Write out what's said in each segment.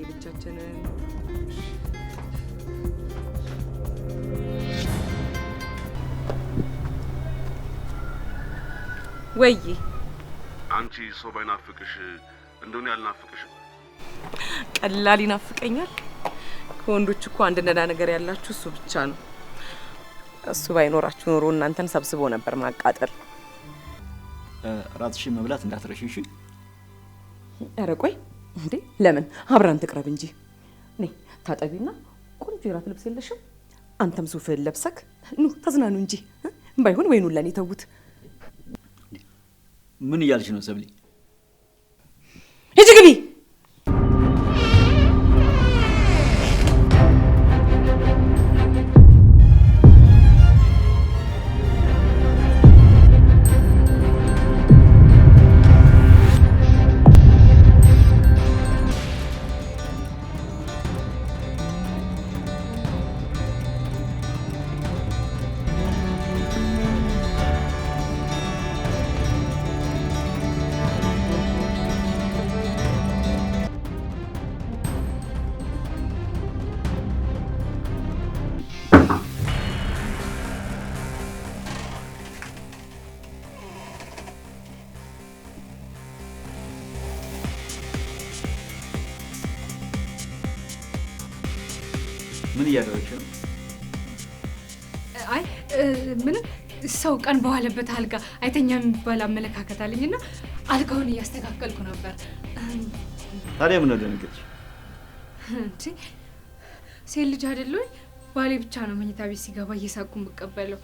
እንግዶቻችንን ወይ አንቺ ሰው ባይናፍቅሽ እንደሆነ ያልናፍቅሽ ቀላል ይናፍቀኛል። ከወንዶች እኮ አንድ ነዳ ነገር ያላችሁ እሱ ብቻ ነው። እሱ ባይኖራችሁ ኖሮ እናንተን ሰብስቦ ነበር ማቃጠል። ራትሽን መብላት እንዳትረሺ ኧረ ቆይ እንዴ ለምን አብራን ትቅረብ እንጂ እኔ ታጠቢና ቆንጆ የራት ልብስ የለሽም? አንተም ሱፍህን ለብሰክ ኑ ተዝናኑ እንጂ ባይሆን ወይኑን ለኔ ተዉት። ምን እያልሽ ነው ሰብሊ? ሂጂ ግቢ ምን እያደረግሽ ነው? አይ ምንም ሰው ቀን በዋለበት አልጋ አይተኛ የሚባል አመለካከት አለኝ እና አልጋውን እያስተካከልኩ ነበር። ታዲያ ምን ደነገጥሽ? ሴት ልጅ አይደለሁኝ? ባሌ ብቻ ነው መኝታ ቤት ሲገባ እየሳቁ የምቀበለው።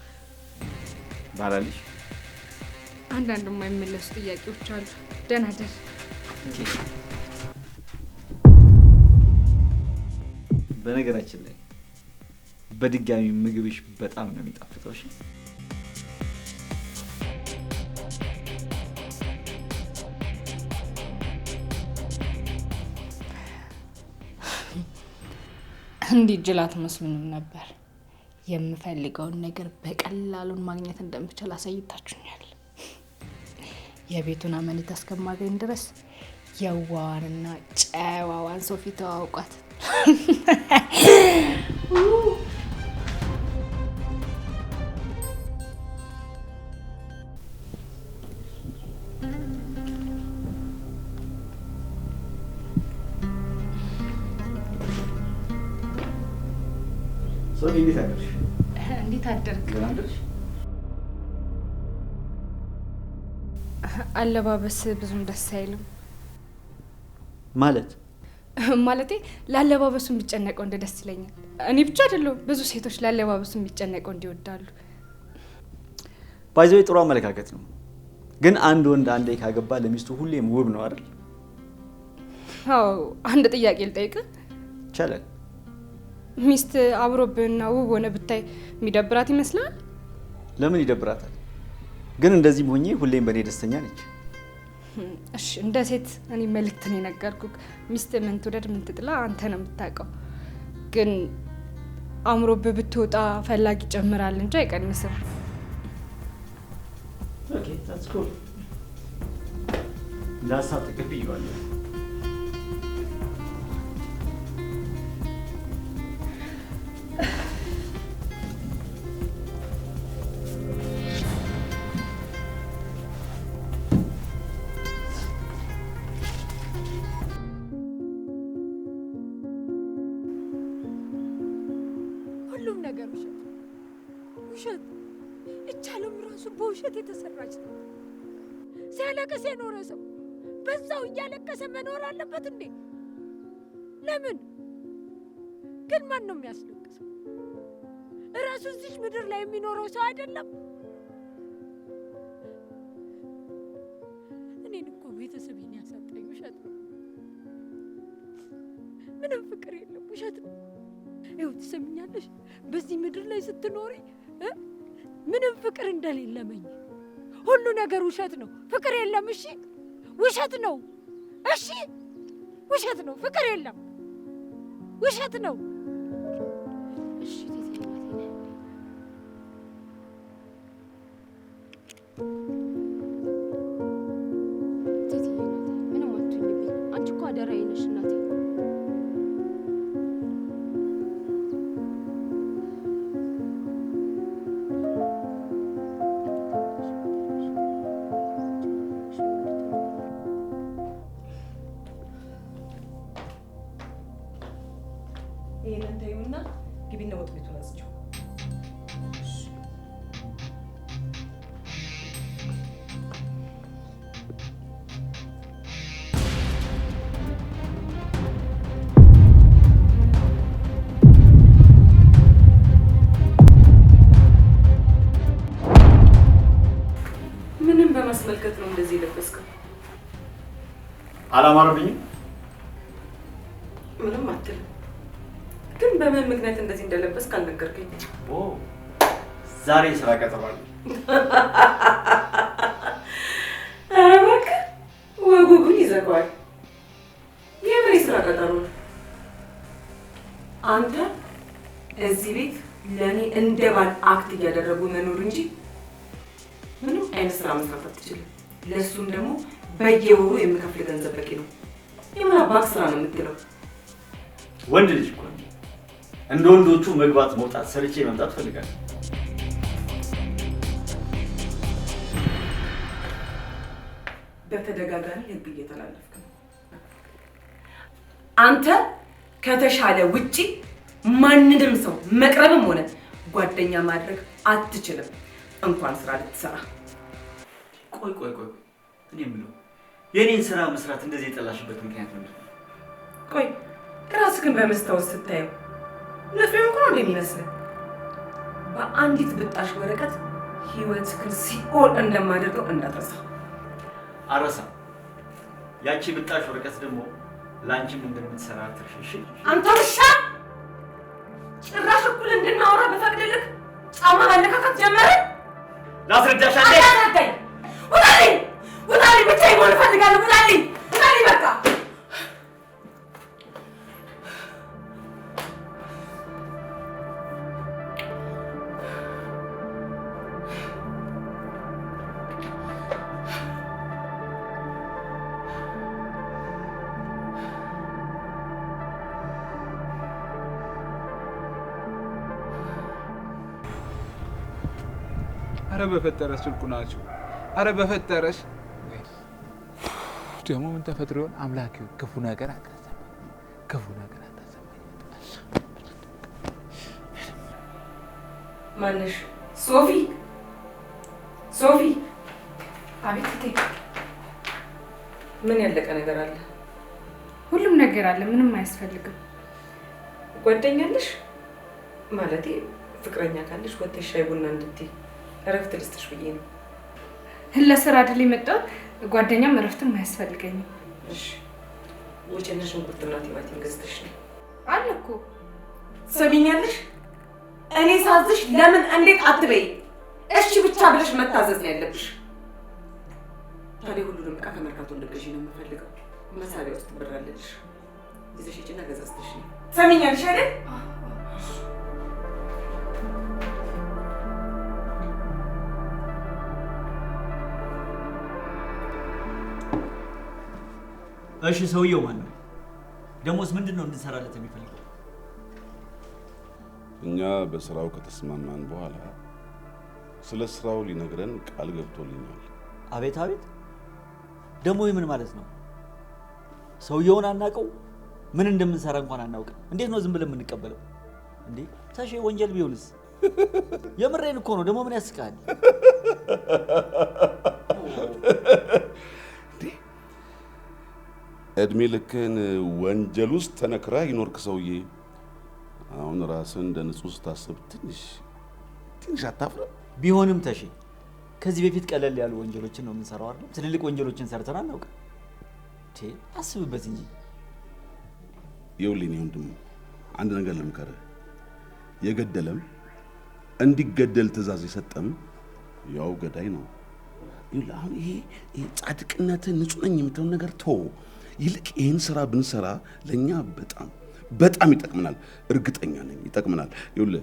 ባላልሽ አንዳንድ የማይመለሱ ጥያቄዎች አሉ። ደህና ደር በነገራችን ላይ በድጋሚ ምግብሽ በጣም ነው የሚጣፍጠው። እሺ እንዲህ ጅላት መስሉንም ነበር። የምፈልገውን ነገር በቀላሉን ማግኘት እንደምችል አሳይታችሁኛል። የቤቱን አመኔታ እስከማገኝ ድረስ የዋዋንና ጨዋዋን ሰው ፊት ተዋውቋት። ጽጌ እንዴት አደርሽ? እንዴት አደርክ? አለባበስ ብዙም ደስ አይልም። ማለት ማለቴ ለአለባበሱ የሚጨነቀው እንደ ደስ ይለኛል። እኔ ብቻ አይደለሁም፣ ብዙ ሴቶች ለአለባበሱ የሚጨነቀው እንዲወዳሉ። ባይዘው ጥሩ አመለካከት ነው፣ ግን አንድ ወንድ አንዴ ካገባ ለሚስቱ ሁሌም ውብ ነው አይደል? አዎ። አንድ ጥያቄ ልጠይቅ ይቻላል? ሚስት አብሮብህና ውብ ሆነ ብታይ የሚደብራት ይመስላል? ለምን ይደብራታል? ግን እንደዚህ ሆኜ ሁሌም በእኔ ደስተኛ ነች። እሺ እንደ ሴት እኔ መልእክት ነው የነገርኩህ። ሚስት ምን ትውደድ ምን ትጥላ አንተ ነው የምታውቀው። ግን አምሮብህ ብትወጣ ፈላጊ ይጨምራል እንጂ አይቀንስም። ኦኬ ታስኩል ላሳ አለበት እንዴ? ለምን ግን ማን ነው የሚያስለቅሰው? እራሱ እዚህ ምድር ላይ የሚኖረው ሰው አይደለም? እኔን እኮ ቤተሰቤን ያሳጣኝ ውሸት ነው። ምንም ፍቅር የለም፣ ውሸት ነው። ይኸው ትሰምኛለሽ፣ በዚህ ምድር ላይ ስትኖሪ ምንም ፍቅር እንደሌለመኝ ሁሉ ነገር ውሸት ነው። ፍቅር የለም። እሺ፣ ውሸት ነው። እሺ ውሸት ነው፣ ፍቅር የለም፣ ውሸት ነው። እሺ ገዝቼው ምንም በማስመልከት ነው እንደዚህ የለበስከው? አላማረብኝም። ዛሬ ስራ ቀጠሮ አለ። ኧረ እባክህ ይዘጋዋል። የምሬ ስራ ቀጠሮ አንተ እዚህ ቤት ለእኔ እንደ ባል አክት እያደረጉ መኖር እንጂ ምንም አይነት ስራ መስራት አትችልም። ለእሱም ደግሞ በየወሩ የምከፍል ገንዘብ በቂ ነው። የምን አባት ስራ ነው የምትለው? ወንድ ልጅ እኮ እንደ ወንዶቹ መግባት መውጣት ሰርቼ መምጣት ፈልጋለሁ። በተደጋጋሚ ህግ እየተላለፍክ ነው። አንተ ከተሻለ ውጪ ማንንም ሰው መቅረብም ሆነ ጓደኛ ማድረግ አትችልም፣ እንኳን ስራ ልትሰራ። ቆይ ቆይ ቆይ፣ እኔ የምለው የኔን ስራ መስራት እንደዚህ የጠላሽበት ምክንያት ምንድን ነው? ቆይ ግን በመስታወት ስታየው ለፍሬ እንኳን እንደሚመስልህ በአንዲት ብጣሽ ወረቀት ህይወትህን ሲኦል እንደማደርገው እንዳትረሳ። አረሳ ያቺ ብጣሽ ወረቀት ደግሞ ለአንቺም እንደምትሰራ ትርሽሽ። አንተ ውሻ ጭራሽ እኩል እንድናወራ በፈቅድልክ ጫማ መለካከት ጀመረ። ላስረዳሽ አንዴ። ውጣልኝ! ውጣልኝ! ብቻ ይሆን እፈልጋለሁ። ውጣልኝ! ውጣልኝ! በቃ አረ በፈጠረሽ ስልኩ ናችሁ። አረ በፈጠረሽ ደግሞ ምን ተፈጥሮ ይሆን? አምላክ ክፉ ነገር አታሰማኝ፣ ክፉ ነገር አታሰማኝ። ማነሽ? ሶፊ ሶፊ። አቤት ምን ያለቀ ነገር አለ? ሁሉም ነገር አለ፣ ምንም አያስፈልግም። ጓደኛለሽ ማለቴ ፍቅረኛ ካለሽ ወተሽ ሻይ ቡና እንድትይ እረፍት ልስጥሽ ብዬ ነው። ለስራ አይደል የመጣሁት። ጓደኛም እረፍትም አያስፈልገኝም። መቼነሽ ሽንኩርትና ቲማቲም ገዝተሽ ነው አለ እኮ። ሰሚኛለሽ? እኔ ሳዝሽ ለምን እንዴት አትበይ። እሺ ብቻ ብለሽ መታዘዝ ነው ያለብሽ። ታዲያ ሁሉንም ዕቃ ከመርካቶ እንደገዢ ነው የምፈልገው። መሳሪያ ውስጥ ብራለሽ ይዘሽ ሂጂና ገዛዝተሽ ነው። ሰሚኛለሽ አይደል? እሺ፣ ሰውየው ማን ነው? ደሞስ ምንድን ነው እንድንሰራለት የሚፈልገው? እኛ በስራው ከተስማማን በኋላ ስለ ስራው ሊነግረን ቃል ገብቶልኛል። አቤት አቤት! ደግሞ ምን ማለት ነው? ሰውየውን አናውቀው፣ ምን እንደምንሰራ እንኳን አናውቅም። እንዴት ነው ዝም ብለን የምንቀበለው? እንዴ ተሼ፣ ወንጀል ቢሆንስ? የምሬን እኮ ነው። ደግሞ ምን ያስቃል? እድሜ ልክህን ወንጀል ውስጥ ተነክራ ይኖርክ ሰውዬ፣ አሁን ራስህን እንደ ንጹህ ስታስብ ትንሽ ትንሽ አታፍርም? ቢሆንም ተሺ፣ ከዚህ በፊት ቀለል ያሉ ወንጀሎችን ነው የምንሰራው አይደለም? ትልልቅ ወንጀሎችን ሰርተን አናውቅም። አስብበት እንጂ ይኸውልህ፣ ወንድም አንድ ነገር ልምከርህ። የገደለም እንዲገደል ትዕዛዝ የሰጠም ያው ገዳይ ነው። ይኸውልህ አሁን ይሄ ጻድቅነትህ ንጹህ ነኝ የምትለውን ነገር ተወው። ይልቅ ይህን ስራ ብንሰራ ለእኛ በጣም በጣም ይጠቅምናል። እርግጠኛ ነኝ ይጠቅምናል። ይሁል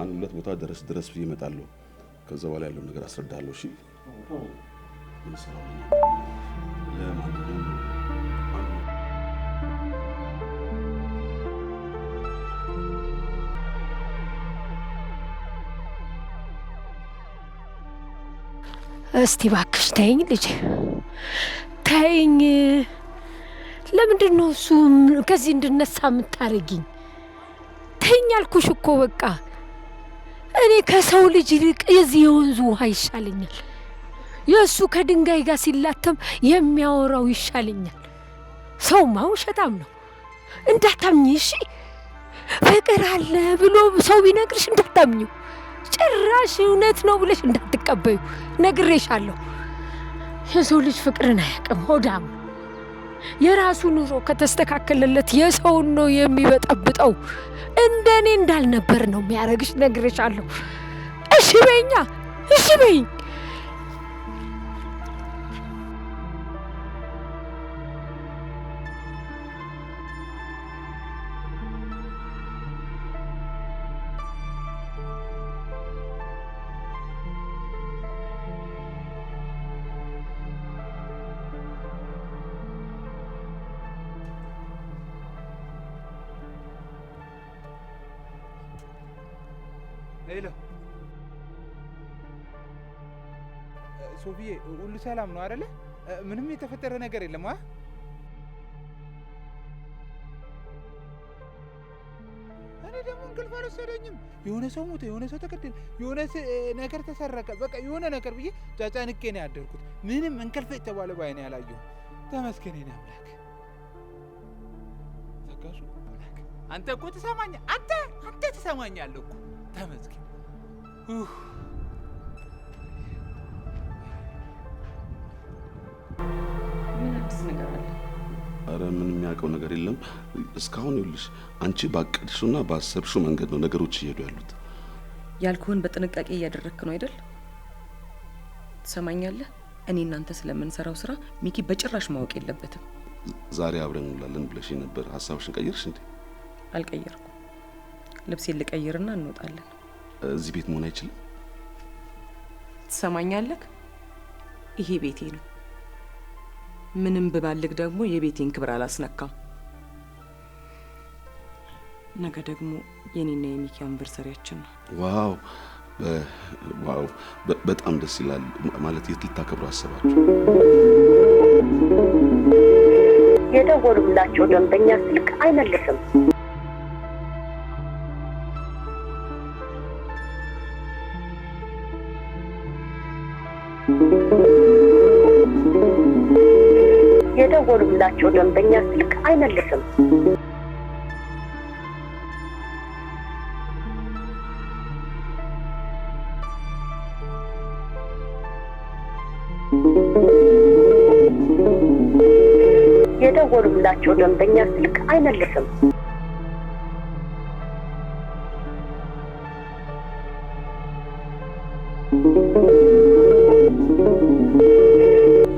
አንድ ሁለት ቦታ ድረስ ድረስ ይመጣለሁ። ከዛ በኋላ ያለው ነገር አስረዳለሁ። እሺ እስቲ እባክሽ ተይኝ ልጄ ተይኝ። ለምንድን ነው እሱ ከዚህ እንድነሳ የምታረጊኝ? ተኝ አልኩሽ እኮ በቃ። እኔ ከሰው ልጅ ይልቅ የዚህ የወንዙ ውሃ ይሻለኛል። የእሱ ከድንጋይ ጋር ሲላተም የሚያወራው ይሻለኛል። ሰውማ ውሸታም ነው እንዳታምኝ። እሺ ፍቅር አለ ብሎ ሰው ቢነግርሽ እንዳታምኝው፣ ጭራሽ እውነት ነው ብለሽ እንዳትቀበዩ ነግሬሻለሁ። የሰው ልጅ ፍቅርን አያውቅም ሆዳም የራሱ ኑሮ ከተስተካከለለት የሰውን ነው የሚበጠብጠው። እንደኔ እንዳልነበር ነው የሚያደርግሽ። ነግሬሻለሁ። እሺ በኛ እሺ በኝ ሄሎ ሶፊዬ፣ ሁሉ ሰላም ነው አይደለ? ምንም የተፈጠረ ነገር የለም። አ እኔ ደግሞ እንቅልፍ አልወሰደኝም። የሆነ ሰው ሞተ፣ የሆነ ሰው ተገደለ፣ የሆነ ነገር ተሰረቀ፣ በቃ የሆነ ነገር ብዬ ጫጫንቄ ነው ያደርኩት። ምንም እንቅልፍ የተባለ ባይኔ አላየሁም። ተመስገን የእኔ አምላክ። ዘጋሹ አንተ እኮ ትሰማኛለህ፣ አንተ አንተ ትሰማኛለህ እኮ ተመስገን። ምን አዲስ ነገር አለ? አረ ምንም የሚያውቀው ነገር የለም። እስካሁን ይኸውልሽ፣ አንቺ ባቀድሽውና ባሰብሽው መንገድ ነው ነገሮች እየሄዱ ያሉት። ያልኩህን በጥንቃቄ እያደረግክ ነው አይደል? ትሰማኛለህ? እኔ እናንተ ስለምንሰራው ስራ ሚኪ በጭራሽ ማወቅ የለበትም። ዛሬ አብረን እንውላለን ብለሽ ነበር። ሀሳብሽን ቀየርሽ እንዴ? አልቀየርኩም። ልብሴን ልቀይርና እንወጣለን። እዚህ ቤት መሆን አይችልም። ትሰማኛለህ? ይሄ ቤቴ ነው። ምንም ብባልግ ደግሞ የቤቴን ክብር አላስነካም። ነገ ደግሞ የኔና የሚኪ አንቨርሰሪያችን ነው። ዋው ዋው! በጣም ደስ ይላል። ማለት የት ልታከብሩ አሰባችሁ? የደወሉላቸው ደንበኛ ስልክ አይመልስም። የደወሉላቸው ደንበኛ ስልክ አይመልስም። የደወሉላቸው ደንበኛ ስልክ አይመልስም።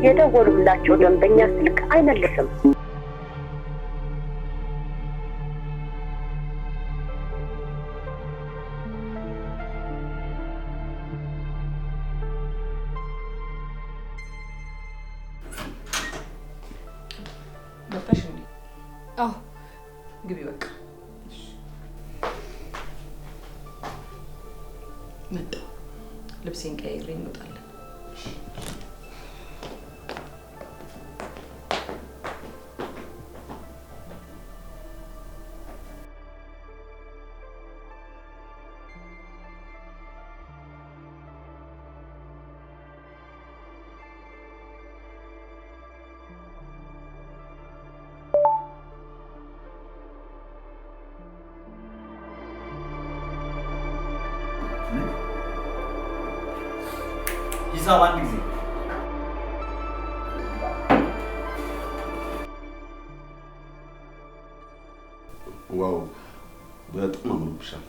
የደወሉላቸው ደንበኛ ስልክ አይመልስም። አዲስ አበባ አንድ ጊዜ ዋው በጣም አምሮብሻል።